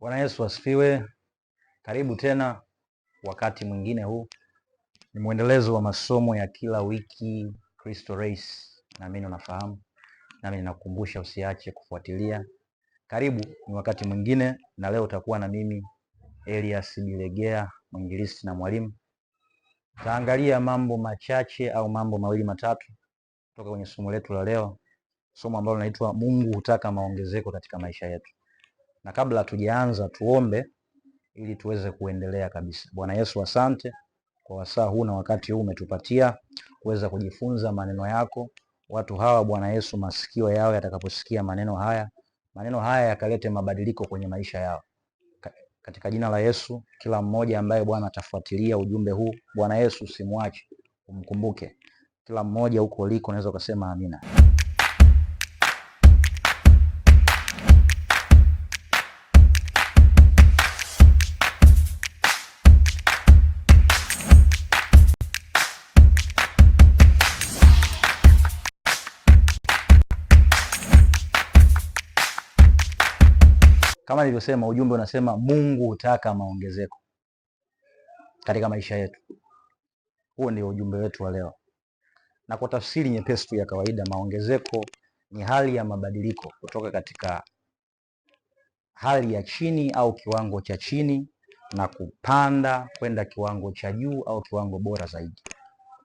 Bwana Yesu asifiwe. Karibu tena wakati mwingine, huu ni mwendelezo wa masomo ya kila wiki Kristo Race. Naamini unafahamu, nami ninakukumbusha usiache kufuatilia. Karibu, ni wakati mwingine, na leo utakuwa na mimi Elias Bilegea, mwinjilisti na mwalimu. Taangalia mambo machache au mambo mawili matatu kutoka kwenye somo letu la leo, somo ambalo linaitwa Mungu hutaka maongezeko katika maisha yetu na kabla hatujaanza tuombe ili tuweze kuendelea kabisa. Bwana Yesu, asante kwa wasaa huu na wakati huu umetupatia kuweza kujifunza maneno yako. Watu hawa Bwana Yesu, masikio yao yatakaposikia maneno haya, maneno haya yakalete mabadiliko kwenye maisha yao katika jina la Yesu. Kila mmoja ambaye Bwana atafuatilia ujumbe huu, Bwana Yesu simwache, umkumbuke kila mmoja huko liko, unaweza ukasema amina. Kama nilivyosema, ujumbe unasema Mungu hutaka maongezeko katika maisha yetu. Huo ndio ujumbe wetu wa leo, na kwa tafsiri nyepesi tu ya kawaida, maongezeko ni hali ya mabadiliko kutoka katika hali ya chini au kiwango cha chini na kupanda kwenda kiwango cha juu au kiwango bora zaidi.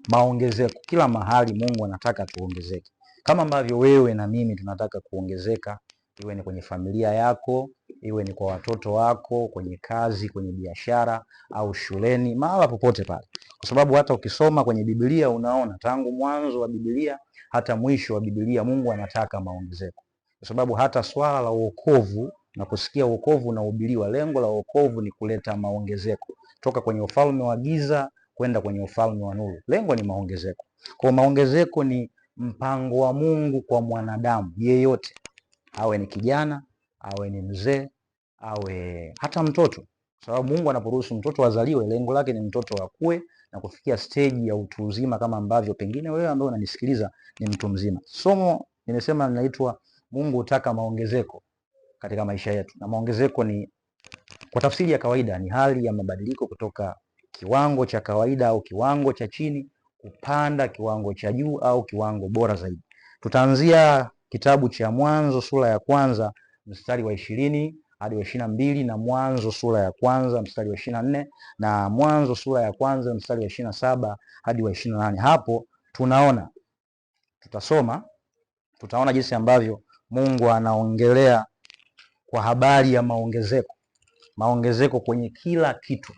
Maongezeko kila mahali, Mungu anataka tuongezeke, kama ambavyo wewe na mimi tunataka kuongezeka, iwe ni kwenye familia yako, iwe ni kwa watoto wako, kwenye kazi, kwenye biashara au shuleni, mahala popote pale, kwa sababu hata ukisoma kwenye Biblia unaona tangu mwanzo wa Biblia hata mwisho wa Biblia Mungu anataka maongezeko, kwa sababu hata swala la uokovu na kusikia wokovu unahubiriwa, lengo la uokovu ni kuleta maongezeko toka kwenye ufalme wa giza kwenda kwenye ufalme wa nuru. Lengo ni maongezeko. Kwa maongezeko ni mpango wa Mungu kwa mwanadamu yeyote, awe ni kijana, awe ni mzee, awe hata mtoto, kwa sababu Mungu anaporuhusu mtoto azaliwe, lengo lake ni mtoto akue na kufikia stage ya utu uzima, kama ambavyo pengine wewe ambaye unanisikiliza ni mtu mzima. Somo nimesema linaitwa Mungu hutaka maongezeko katika maisha yetu, na maongezeko ni kwa tafsiri ya kawaida ni hali ya mabadiliko kutoka kiwango cha kawaida au kiwango cha chini kupanda kiwango cha juu au kiwango bora zaidi. Tutaanzia kitabu cha Mwanzo sura ya kwanza mstari wa ishirini hadi wa ishirini na mbili na Mwanzo sura ya kwanza mstari wa ishirini na nne na Mwanzo sura ya kwanza mstari wa ishirini na saba hadi wa ishirini na nane Hapo tunaona tutasoma, tutaona jinsi ambavyo Mungu anaongelea kwa habari ya maongezeko, maongezeko kwenye kila kitu,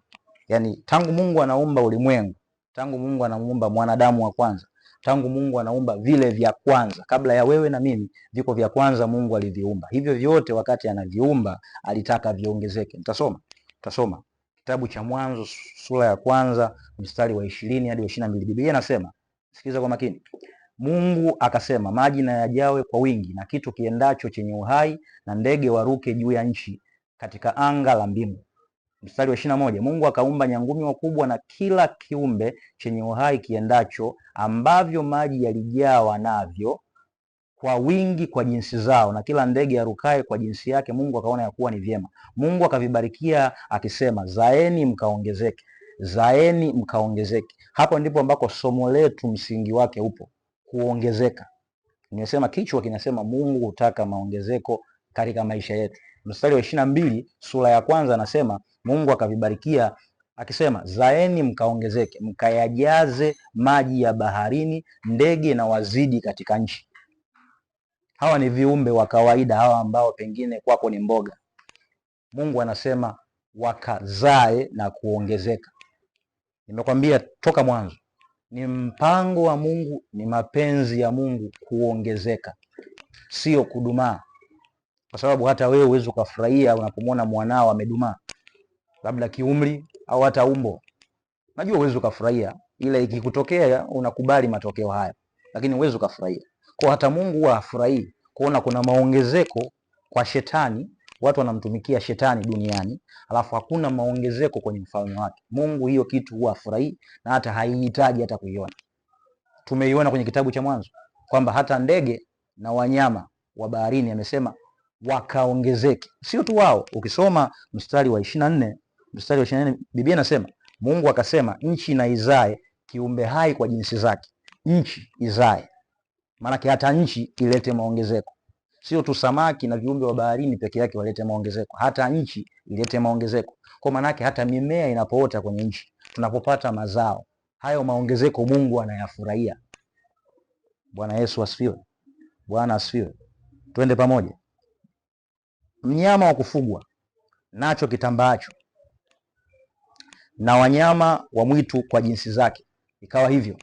yaani tangu Mungu anaumba ulimwengu, tangu Mungu anamuumba mwanadamu wa kwanza tangu Mungu anaumba vile vya kwanza, kabla ya wewe na mimi, viko vya kwanza Mungu aliviumba. Hivyo vyote wakati anaviumba alitaka viongezeke. Nitasoma, tutasoma kitabu cha Mwanzo sura ya kwanza mstari wa ishirini hadi wa ishirini na mbili. Biblia inasema, sikiza kwa makini. Mungu akasema, maji na yajawe kwa wingi na kitu kiendacho chenye uhai na ndege waruke juu ya nchi katika anga la mbingu mstari wa ishirini na moja Mungu akaumba nyangumi wakubwa na kila kiumbe chenye uhai kiendacho, ambavyo maji yalijawa navyo kwa wingi kwa jinsi zao, na kila ndege arukae kwa jinsi yake. Mungu akaona ya kuwa ni vyema. Mungu akavibarikia akisema, zaeni mkaongezeke, zaeni mkaongezeke. Hapo ndipo ambako somo letu msingi wake upo, kuongezeka. Nimesema kichwa kinasema Mungu hutaka maongezeko katika maisha yetu mstari wa ishirini na mbili sura ya kwanza anasema Mungu akavibarikia akisema, zaeni mkaongezeke, mkayajaze maji ya baharini, ndege na wazidi katika nchi. Hawa ni viumbe wa kawaida hawa ambao pengine kwako ni mboga. Mungu anasema wakazae na kuongezeka. Nimekwambia toka mwanzo, ni mpango wa Mungu, ni mapenzi ya Mungu kuongezeka, sio kudumaa kwa sababu hata wewe uweze ukafurahia unapomwona mwanao amedumaa, labda kiumri au hata umbo. Najua uweze ukafurahia, ila ikikutokea unakubali matokeo haya, lakini uweze ukafurahia. Kwa hata Mungu huwa afurahii kuona kuna maongezeko kwa shetani, watu wanamtumikia shetani duniani, alafu hakuna maongezeko kwenye mfalme wake Mungu. Hiyo kitu huwa afurahii na hata haihitaji hata kuiona. Tumeiona kwenye kitabu cha Mwanzo kwamba hata ndege na wanyama wa baharini amesema wakaongezeke. Sio tu wao, ukisoma mstari wa nne mstari wa 24 Biblia inasema Mungu akasema nchi na izae kiumbe hai kwa jinsi zake, nchi izae. Maanake hata nchi ilete maongezeko, sio tu samaki na viumbe wa baharini peke yake walete maongezeko, hata nchi ilete maongezeko. Kwa maanake hata mimea inapoota kwenye nchi, tunapopata mazao hayo, maongezeko Mungu anayafurahia. Bwana Yesu asifiwe. Bwana asifiwe. Twende pamoja mnyama wa kufugwa nacho kitambaacho na wanyama wa mwitu kwa jinsi zake. Ikawa hivyo.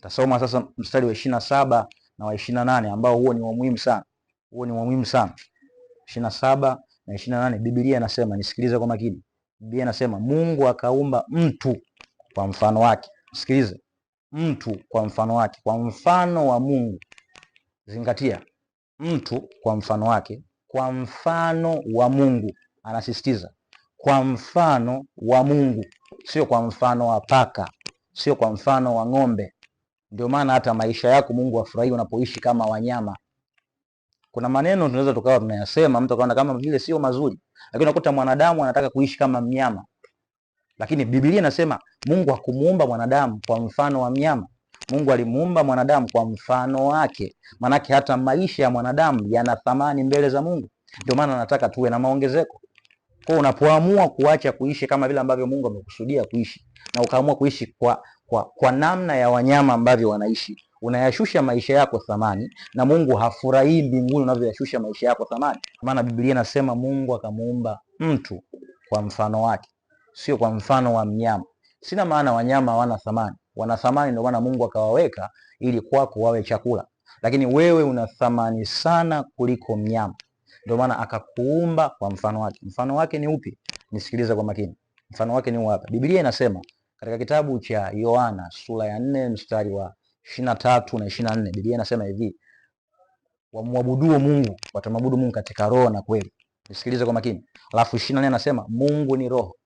Tasoma sasa mstari wa ishirina na saba na wa ishirina na nane ambao huo ni wamuhimu sana, huo ni wamuhimu sana. ishirina na saba na ishirina na nane bibilia inasema, nisikilize kwa makini. bibilia inasema Mungu akaumba mtu kwa mfano wake. Sikilize, mtu kwa mfano wake, kwa mfano wa Mungu. Zingatia, mtu kwa mfano wake kwa mfano wa Mungu, anasisitiza kwa mfano wa Mungu, sio kwa mfano wa paka, sio kwa mfano wa ng'ombe. Ndio maana hata maisha yako Mungu afurahi unapoishi kama wanyama. Kuna maneno tunaweza tukawa tunayasema, mtu akaona kama vile sio mazuri, lakini unakuta mwanadamu anataka kuishi kama mnyama, lakini Biblia inasema Mungu hakumuumba mwanadamu kwa mfano wa mnyama. Mungu alimuumba mwanadamu kwa mfano wake, maanake hata maisha ya mwanadamu yana thamani mbele za Mungu. Ndio maana anataka tuwe na maongezeko. Kwa hiyo unapoamua kuacha kuishi kama vile ambavyo Mungu amekusudia kuishi na ukaamua kuishi kwa, kwa, kwa namna ya wanyama ambavyo wanaishi, unayashusha maisha yako thamani, na Mungu hafurahii mbinguni unavyoyashusha maisha yako thamani, kwa maana Biblia inasema Mungu akamuumba mtu kwa mfano wake, sio kwa mfano wa mnyama. Sina maana wanyama hawana thamani, wana thamani, ndio maana Mungu akawaweka ili kwako wawe chakula, lakini wewe una thamani sana kuliko mnyama, ndio maana akakuumba kwa mfano wake. Mfano wake ni upi? Nisikilize kwa makini, mfano wake ni hapa. Biblia inasema katika kitabu cha Yohana sura ya nne mstari wa ishirini na tatu na ishirini na nne Biblia inasema hivi wamwabuduo Mungu watamwabudu Mungu katika roho na kweli. Nisikilize kwa makini. Alafu ishirini na nne anasema Mungu ni roho,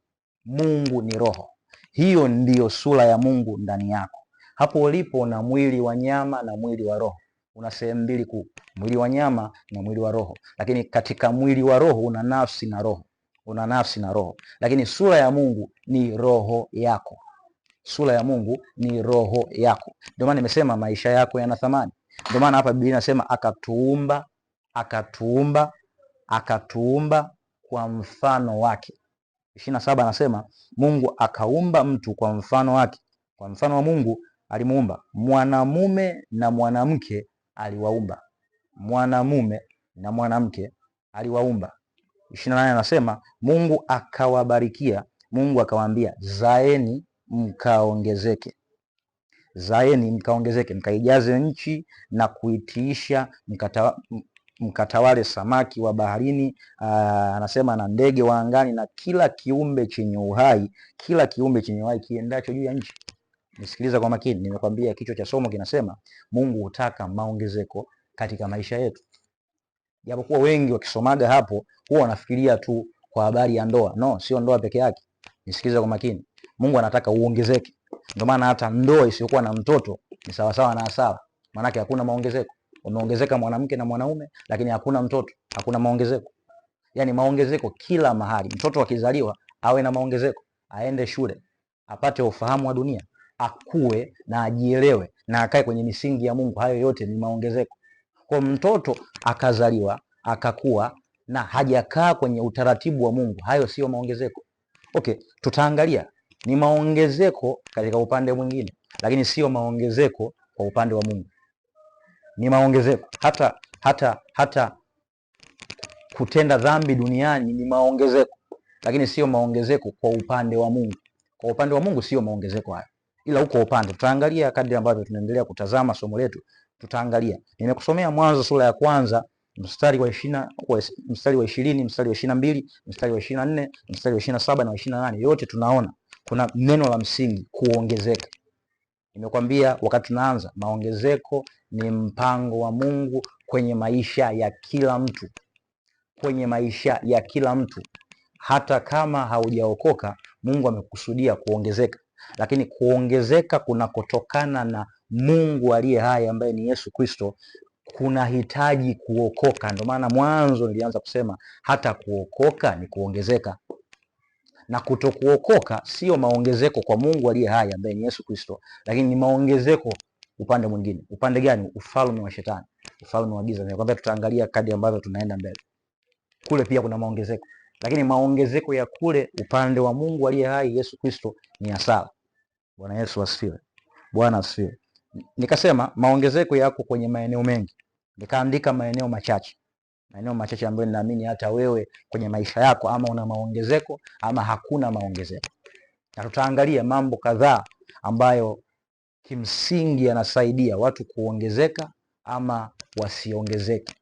Mungu ni roho. Hiyo ndiyo sura ya Mungu ndani yako. Hapo ulipo na mwili wa nyama na mwili wa roho, una sehemu mbili kuu, mwili wa nyama na mwili wa roho. Lakini katika mwili wa roho una nafsi na roho, una nafsi na roho. Lakini sura ya Mungu ni roho yako, sura ya Mungu ni roho yako. Ndio maana nimesema maisha yako yana thamani. Ndio maana hapa Biblia inasema akatuumba, akatuumba, akatuumba kwa mfano wake ishirini na saba anasema Mungu akaumba mtu kwa mfano wake, kwa mfano wa Mungu alimuumba, mwanamume na mwanamke aliwaumba, mwanamume na mwanamke aliwaumba. ishirini na nane anasema Mungu akawabarikia, Mungu akawaambia, zaeni mkaongezeke zaeni mkaongezeke mkaijaze nchi na kuitiisha mkatawale samaki wa baharini, ah, anasema na ndege wa angani na kila kiumbe chenye uhai, kila kiumbe chenye uhai kiendacho juu ya nchi. Nisikiliza kwa makini, nimekwambia kichwa cha somo kinasema Mungu hutaka maongezeko katika maisha yetu. Japokuwa wengi wakisomaga hapo huwa wanafikiria tu kwa habari ya ndoa. No, sio ndoa peke yake. Nisikiliza kwa makini, Mungu anataka uongezeke. Ndio maana hata ndoa isiyokuwa na mtoto ni sawasawa na asala, maanake hakuna maongezeko umeongezeka mwanamke na mwanaume, lakini hakuna mtoto, hakuna maongezeko. Yani maongezeko kila mahali. Mtoto akizaliwa awe na maongezeko, aende shule, apate ufahamu wa dunia, akue na ajielewe na akae kwenye misingi ya Mungu. Hayo yote ni maongezeko. Kwa mtoto akazaliwa akakuwa na hajakaa kwenye utaratibu wa Mungu, hayo sio maongezeko. Okay, tutaangalia ni maongezeko katika upande mwingine, lakini sio maongezeko kwa upande wa Mungu ni maongezeko. Hata hata hata kutenda dhambi duniani ni maongezeko, lakini sio maongezeko kwa upande wa Mungu. Kwa upande wa Mungu sio maongezeko hayo, ila huko upande. Tutaangalia kadri ambavyo tunaendelea kutazama somo letu, tutaangalia. Nimekusomea Mwanzo sura ya kwanza mstari wa ishirini mstari wa ishirini mstari wa ishirini na mbili mstari wa ishirini na nne mstari wa ishirini na saba na wa na nane Yote tunaona kuna neno la msingi kuongezeka. Nimekwambia wakati tunaanza, maongezeko ni mpango wa Mungu kwenye maisha ya kila mtu, kwenye maisha ya kila mtu. Hata kama haujaokoka, Mungu amekusudia kuongezeka, lakini kuongezeka kunakotokana na Mungu aliye hai ambaye ni Yesu Kristo kunahitaji kuokoka. Ndio maana mwanzo nilianza kusema hata kuokoka ni kuongezeka na kutokuokoka sio maongezeko kwa Mungu aliye hai ambaye ni Yesu Kristo, lakini ni maongezeko upande mwingine. Upande gani? Ufalme wa shetani, ufalme wa giza. Nimekwambia tutaangalia kadi ambazo tunaenda mbele. Kule pia kuna maongezeko, lakini maongezeko ya kule upande wa Mungu aliye hai, Yesu Kristo, ni hasara. Bwana Yesu asifiwe. Bwana asifiwe. Nikasema maongezeko yako kwenye maeneo mengi, nikaandika maeneo machache maeneo machache ambayo ninaamini hata wewe kwenye maisha yako ama una maongezeko ama hakuna maongezeko, na tutaangalia mambo kadhaa ambayo kimsingi anasaidia watu kuongezeka ama wasiongezeke.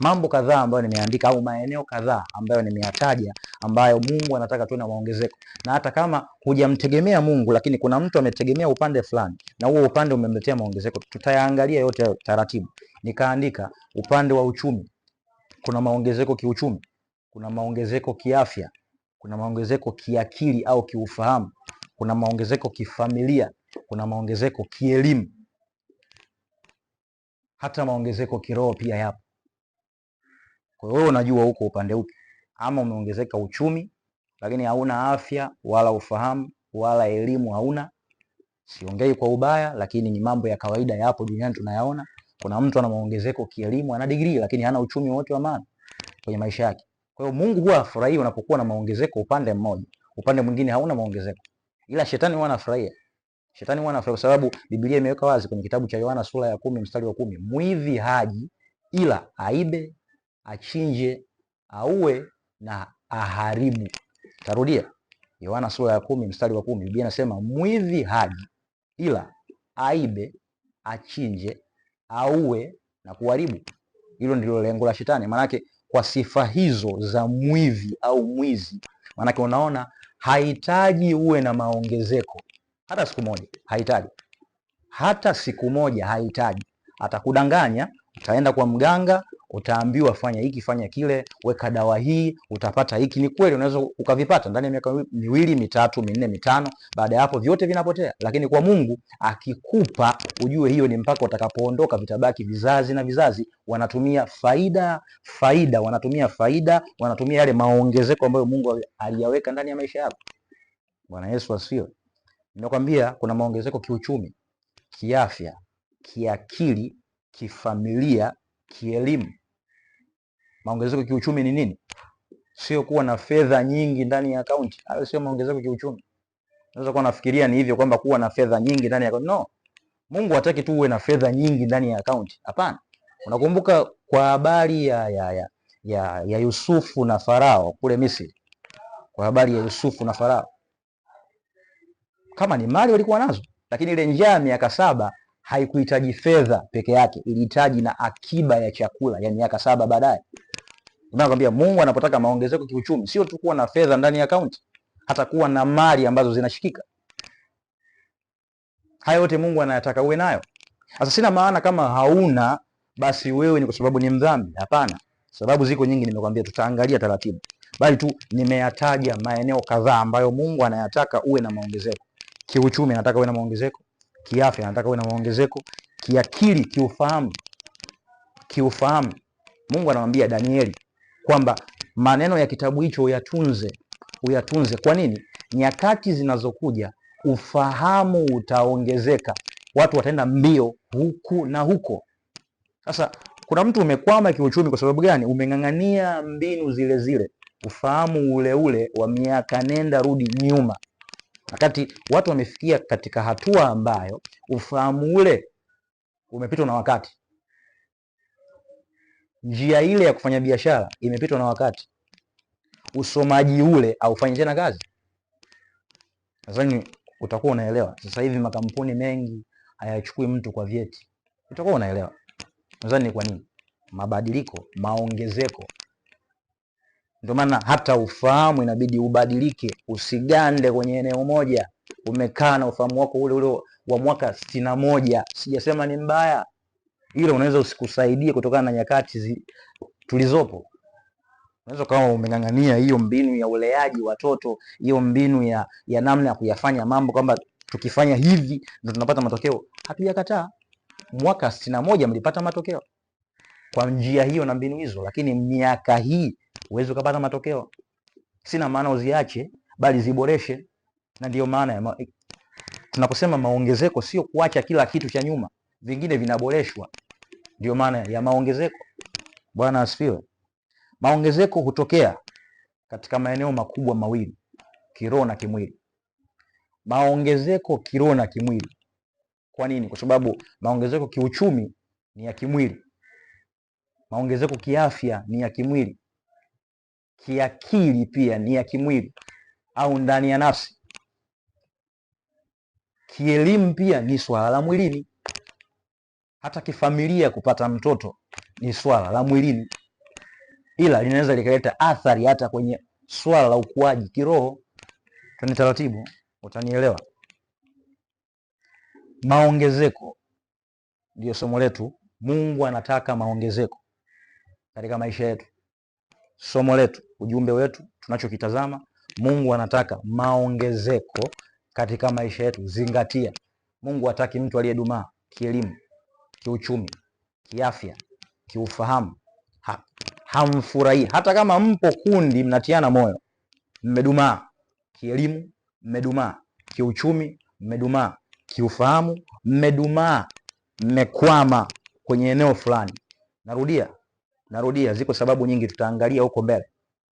Mambo kadhaa ambayo nimeandika au maeneo kadhaa ambayo nimeyataja ambayo Mungu anataka tuwe na maongezeko, na hata kama hujamtegemea Mungu, lakini kuna mtu ametegemea upande fulani na huo upande umemletea maongezeko. Tutayaangalia yote taratibu. Nikaandika upande wa uchumi, kuna maongezeko kiuchumi, kuna maongezeko kiafya, kuna maongezeko kiakili au kiufahamu, kuna maongezeko kifamilia, kuna maongezeko kielimu, hata maongezeko kiroho pia yapo. Kwa hiyo wewe unajua huko upande upi, ama umeongezeka uchumi lakini hauna afya wala ufahamu wala elimu hauna. Siongei kwa ubaya, lakini ni mambo ya kawaida yapo duniani tunayaona. Kuna mtu ana maongezeko kielimu, ana degree, lakini hana uchumi wote wa maana kwenye maisha yake. Kwa hiyo Mungu huwa afurahii unapokuwa na maongezeko upande mmoja, upande mwingine hauna maongezeko, ila shetani huwa anafurahia. Shetani mwana kwa sababu Biblia imeweka wazi kwenye kitabu cha Yohana sura ya kumi mstari wa kumi mwivi haji ila aibe, achinje, auwe na aharibu. Tarudia, Yohana sura ya kumi mstari wa kumi Biblia inasema mwivi haji ila aibe, achinje, auwe na kuharibu. Hilo ndilo lengo la Shetani. Maanake kwa sifa hizo za mwivi au mwizi, maanake unaona hahitaji uwe na maongezeko hata siku moja hahitaji, hata siku moja hahitaji. Atakudanganya, utaenda kwa mganga, utaambiwa fanya hiki, fanya kile, weka dawa hii, utapata hiki. Ni kweli, unaweza ukavipata ndani ya miaka miwili mitatu minne mitano. Baada ya hapo vyote vinapotea, lakini kwa Mungu akikupa, ujue hiyo ni mpaka utakapoondoka, vitabaki vizazi na vizazi. Wanatumia faida, faida, wanatumia faida, wanatumia yale maongezeko ambayo Mungu aliyaweka ndani ya maisha yako. Bwana Yesu asifiwe. Nimekwambia kuna maongezeko kiuchumi, kiafya, kiakili, kifamilia, kielimu. Maongezeko kiuchumi ni nini? Sio kuwa na fedha nyingi ndani ya akaunti. Hayo sio maongezeko kiuchumi. Unaweza kuwa nafikiria ni hivyo kwamba kuwa na fedha nyingi ndani ya akaunti. No. Mungu hataki tu uwe na fedha nyingi ndani ya akaunti. Hapana. Unakumbuka kwa habari ya ya ya ya, ya Yusufu na Farao kule Misri. Kwa habari ya Yusufu na Farao kama ni mali walikuwa nazo, lakini ile njaa ya miaka saba haikuhitaji fedha peke yake, ilihitaji na akiba ya chakula ya miaka saba baadaye. Nakwambia Mungu anapotaka maongezeko kiuchumi, sio tu kuwa na fedha ndani ya akaunti, hata kuwa na mali ambazo zinashikika. Hayo yote Mungu anayataka uwe nayo. Sasa sina maana kama hauna basi wewe ni kwa sababu ni mdhambi. Hapana, sababu ziko nyingi, nimekwambia, tutaangalia taratibu, bali tu nimeyataja maeneo kadhaa ambayo Mungu anayataka uwe na maongezeko. Kiuchumi anataka uwe na maongezeko, kiafya anataka uwe na maongezeko, kiakili, kiufahamu, kiufahamu. Mungu anamwambia Danieli kwamba maneno ya kitabu hicho uyatunze, uyatunze. Kwa nini? Nyakati zinazokuja ufahamu utaongezeka, watu wataenda mbio huku na huko. Sasa kuna mtu umekwama kiuchumi kwa sababu gani? Umeng'ang'ania mbinu zile zile, ufahamu ule ule wa miaka nenda rudi nyuma wakati watu wamefikia katika hatua ambayo ufahamu ule umepitwa na wakati, njia ile ya kufanya biashara imepitwa na wakati, usomaji ule haufanyi tena kazi. Nadhani utakuwa unaelewa. Sasa hivi makampuni mengi hayachukui mtu kwa vyeti, utakuwa unaelewa. Nadhani ni kwa nini mabadiliko, maongezeko ndio maana hata ufahamu inabidi ubadilike, usigande kwenye eneo moja. Umekaa na ufahamu wako ule ule wa mwaka sitini na moja. Sijasema ni mbaya, ilo unaweza usikusaidie kutokana na nyakati tulizopo. Unaweza kama umeng'ang'ania hiyo mbinu ya uleaji watoto, hiyo mbinu ya, ya namna ya kuyafanya mambo kwamba tukifanya hivi ndo tunapata matokeo. Hatujakataa, mwaka sitini na moja mlipata matokeo kwa njia hiyo na mbinu hizo, lakini miaka hii huwezi ukapata matokeo. Sina maana uziache, bali ziboreshe, na ndio maana ma... tunaposema maongezeko, sio kuacha kila kitu cha nyuma, vingine vinaboreshwa. ndio maana ya maongezeko. Bwana asifiwe. Maongezeko hutokea katika maeneo makubwa mawili, kiroho na kimwili. Maongezeko kiroho na kimwili. Kwa nini? Kwa sababu maongezeko kiuchumi ni ya kimwili, maongezeko kiafya ni ya kimwili, kiakili pia ni ya kimwili au ndani ya nafsi. Kielimu pia ni swala la mwilini. Hata kifamilia, kupata mtoto ni swala la mwilini, ila linaweza likaleta athari hata kwenye swala la ukuaji kiroho. Tani taratibu, utanielewa. Maongezeko ndiyo somo letu. Mungu anataka maongezeko katika maisha yetu. Somo letu ujumbe wetu, tunachokitazama, Mungu anataka maongezeko katika maisha yetu. Zingatia, Mungu hataki mtu aliyedumaa kielimu, kiuchumi, kiafya, kiufahamu. Ha, hamfurahii hata kama mpo kundi mnatiana moyo, mmedumaa kielimu, mmedumaa kiuchumi, mmedumaa kiufahamu, mmedumaa, mmekwama kwenye eneo fulani. Narudia, narudia, ziko sababu nyingi, tutaangalia huko mbele.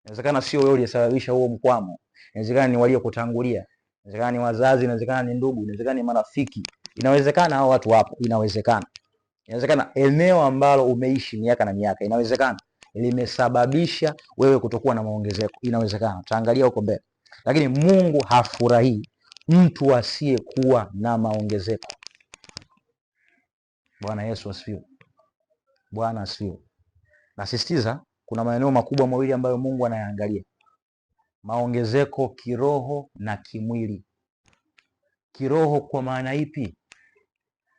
Inawezekana sio wewe uliyesababisha huo mkwamo, inawezekana ni waliokutangulia, inawezekana ni wazazi, inawezekana ni ndugu, inawezekana ni marafiki, inawezekana hao watu wapo, inawezekana inawezekana eneo ambalo umeishi miaka na miaka, inawezekana limesababisha wewe kutokuwa na maongezeko, inawezekana. Tutaangalia huko mbele, lakini Mungu hafurahii mtu asiyekuwa na maongezeko. Bwana Yesu asifiwe. Bwana asifiwe. Nasisitiza kuna maeneo makubwa mawili ambayo Mungu anayaangalia: maongezeko kiroho na kimwili. Kiroho kwa maana ipi?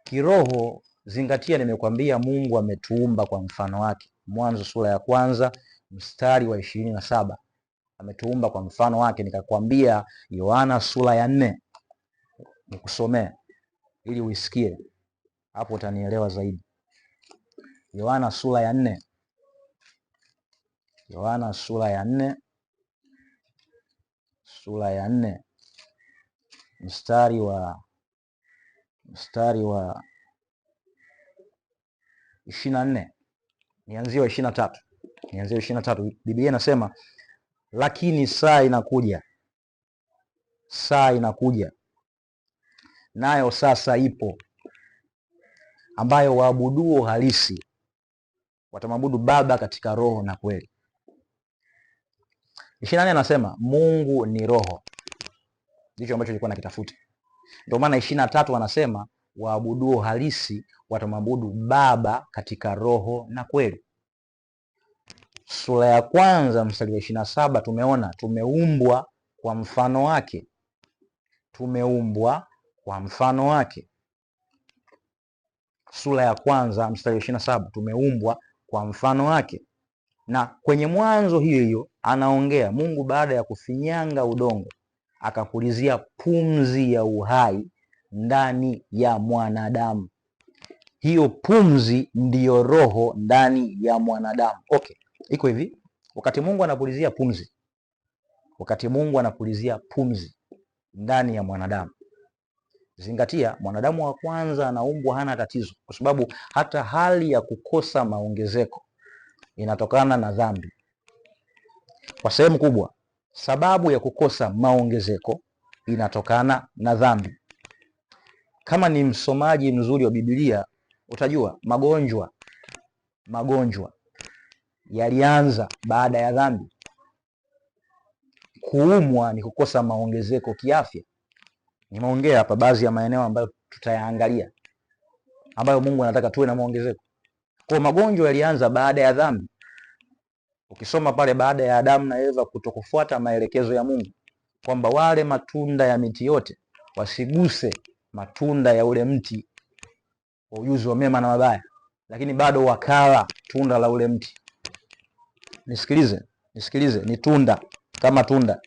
Kiroho, zingatia, nimekwambia Mungu ametuumba kwa mfano wake, Mwanzo sura ya kwanza mstari wa ishirini na saba ametuumba kwa mfano wake. Nikakwambia Yohana sura ya nne nikusomee ili uisikie, hapo utanielewa zaidi. Yohana sura ya nne Yohana sura ya nne sura ya nne mstari wa mstari wa ishirini na nne nianzie wa ishirini na tatu nianzie wa ishirini na tatu Biblia inasema lakini saa inakuja, saa inakuja nayo sasa ipo, ambayo waabuduo halisi watamwabudu Baba katika roho na kweli ishirini na nne anasema Mungu ni roho, ndicho ambacho ilikuwa nakitafuta. Ndio maana ishirini na tatu anasema waabuduo halisi watamwabudu Baba katika roho na kweli. Sura ya kwanza mstari wa ishirini na saba tumeona tumeumbwa kwa mfano wake, tumeumbwa kwa mfano wake. Sura ya kwanza mstari wa ishirini saba tumeumbwa kwa mfano wake na kwenye Mwanzo hiyo hiyo anaongea Mungu baada ya kufinyanga udongo akapulizia pumzi ya uhai ndani ya mwanadamu. Hiyo pumzi ndiyo roho ndani ya mwanadamu. Okay, iko hivi, wakati Mungu anapulizia pumzi, wakati Mungu anapulizia pumzi ndani ya mwanadamu, zingatia, mwanadamu wa kwanza anaumbwa hana tatizo, kwa sababu hata hali ya kukosa maongezeko inatokana na dhambi kwa sehemu kubwa. Sababu ya kukosa maongezeko inatokana na dhambi. Kama ni msomaji mzuri wa Biblia utajua magonjwa magonjwa yalianza baada ya dhambi. Kuumwa ni kukosa maongezeko kiafya. Nimeongea hapa baadhi ya maeneo ambayo tutayaangalia ambayo Mungu anataka tuwe na maongezeko. Kwa magonjwa yalianza baada ya dhambi. Ukisoma pale baada ya Adamu na Eva kutokufuata maelekezo ya Mungu kwamba wale matunda ya miti yote wasiguse matunda ya ule mti wa ujuzi wa mema na mabaya, lakini bado wakala tunda la ule mti. Nisikilize, nisikilize, ni tunda kama tunda,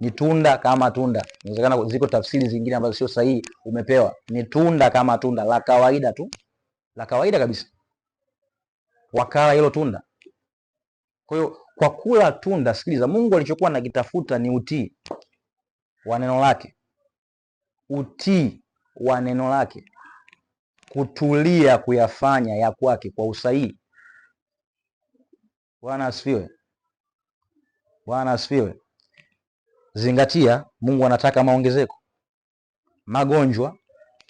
ni tunda kama tunda. Inawezekana ziko tafsiri zingine ambazo sio sahihi, umepewa ni tunda kama tunda la kawaida tu, la kawaida kabisa, wakala hilo tunda kwa hiyo kwa kula tunda, sikiliza, Mungu alichokuwa nakitafuta ni utii wa neno lake, utii wa neno lake, kutulia kuyafanya ya kwake kwa usahihi. Bwana asifiwe. Bwana asifiwe. Zingatia, Mungu anataka maongezeko. Magonjwa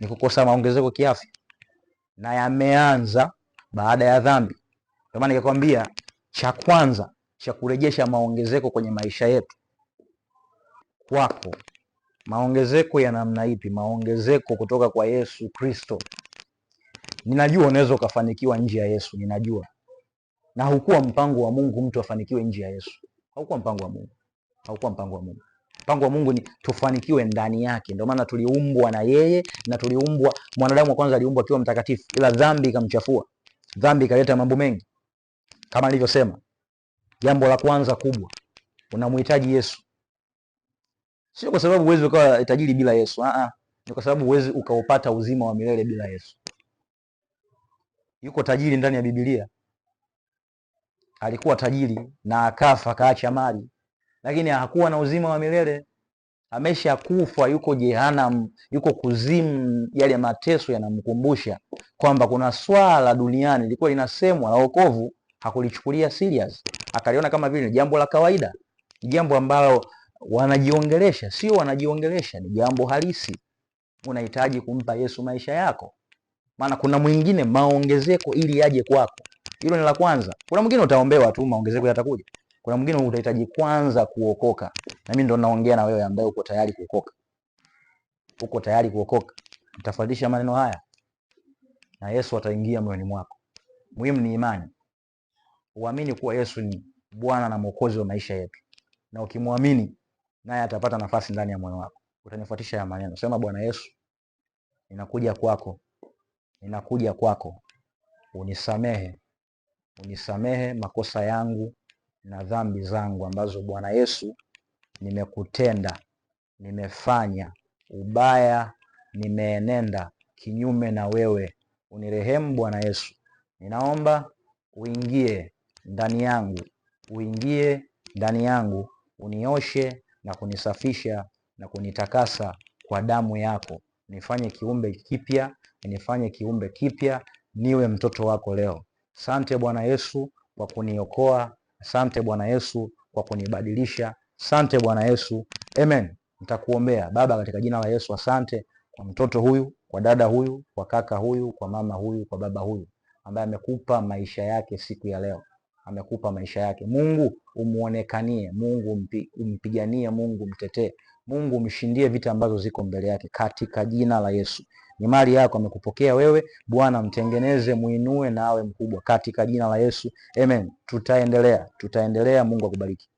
ni kukosa maongezeko kiafya, na yameanza baada ya dhambi. Ndio maana nikakwambia cha kwanza cha kurejesha maongezeko kwenye maisha yetu kwako. Maongezeko ya namna ipi? Maongezeko kutoka kwa Yesu Kristo. Ninajua unaweza ukafanikiwa nje ya Yesu, ninajua, na hukuwa mpango wa Mungu mtu afanikiwe nje ya Yesu. Haukuwa mpango wa Mungu, haukuwa mpango wa Mungu. Mpango wa Mungu ni tufanikiwe ndani yake. Ndio maana tuliumbwa na yeye na tuliumbwa, mwanadamu wa kwanza aliumbwa akiwa mtakatifu, ila dhambi ikamchafua, dhambi ikaleta mambo mengi kama nilivyosema, jambo la kwanza kubwa, unamhitaji Yesu. Sio kwa sababu huwezi ukawa tajiri bila Yesu. Aa, ah, ah. ni kwa sababu huwezi ukaupata uzima wa milele bila Yesu. Yuko tajiri ndani ya Biblia, alikuwa tajiri na akafa, akaacha mali, lakini hakuwa na uzima wa milele. Amesha kufa, yuko jehanamu, yuko kuzimu. Yale mateso yanamkumbusha kwamba kuna swala duniani lilikuwa linasemwa la wokovu hakulichukulia serious, akaliona kama vile ni jambo la kawaida, jambo ambalo wanajiongelesha. Sio wanajiongelesha, ni jambo halisi. Unahitaji kumpa Yesu maisha yako, maana kuna mwingine maongezeko ili aje kwako. Hilo ni la kwanza. Kuna mwingine utaombewa tu, maongezeko yatakuja. Kuna mwingine utahitaji kwanza kuokoka, na mimi ndo naongea na wewe ambaye uko tayari kuokoka. Uko tayari kuokoka, nitafundisha maneno haya na Yesu ataingia moyoni mwako. Muhimu ni imani uamini kuwa Yesu ni Bwana na Mwokozi wa maisha yetu, na ukimwamini naye atapata nafasi ndani ya moyo wako. Utanifuatisha ya maneno, sema: Bwana Yesu, ninakuja kwako, ninakuja kwako, unisamehe, unisamehe makosa yangu na dhambi zangu ambazo Bwana Yesu nimekutenda, nimefanya ubaya, nimeenenda kinyume na wewe. Unirehemu Bwana Yesu, ninaomba uingie ndani yangu, uingie ndani yangu, unioshe na kunisafisha na kunitakasa kwa damu yako, nifanye kiumbe kipya, nifanye kiumbe kipya, niwe mtoto wako leo. Sante Bwana Yesu kwa kuniokoa, sante Bwana Yesu kwa kunibadilisha, sante Bwana Yesu, amen. Nitakuombea. Baba, katika jina la Yesu, asante kwa mtoto huyu, kwa dada huyu, kwa kaka huyu, kwa mama huyu, kwa baba huyu ambaye amekupa maisha yake siku ya leo amekupa maisha yake. Mungu umuonekanie, Mungu umpiganie, Mungu mtetee, Mungu umshindie vita ambazo ziko mbele yake katika jina la Yesu. Ni mali yako, amekupokea wewe. Bwana mtengeneze, muinue na awe mkubwa katika jina la Yesu, amen. Tutaendelea, tutaendelea. Mungu akubariki.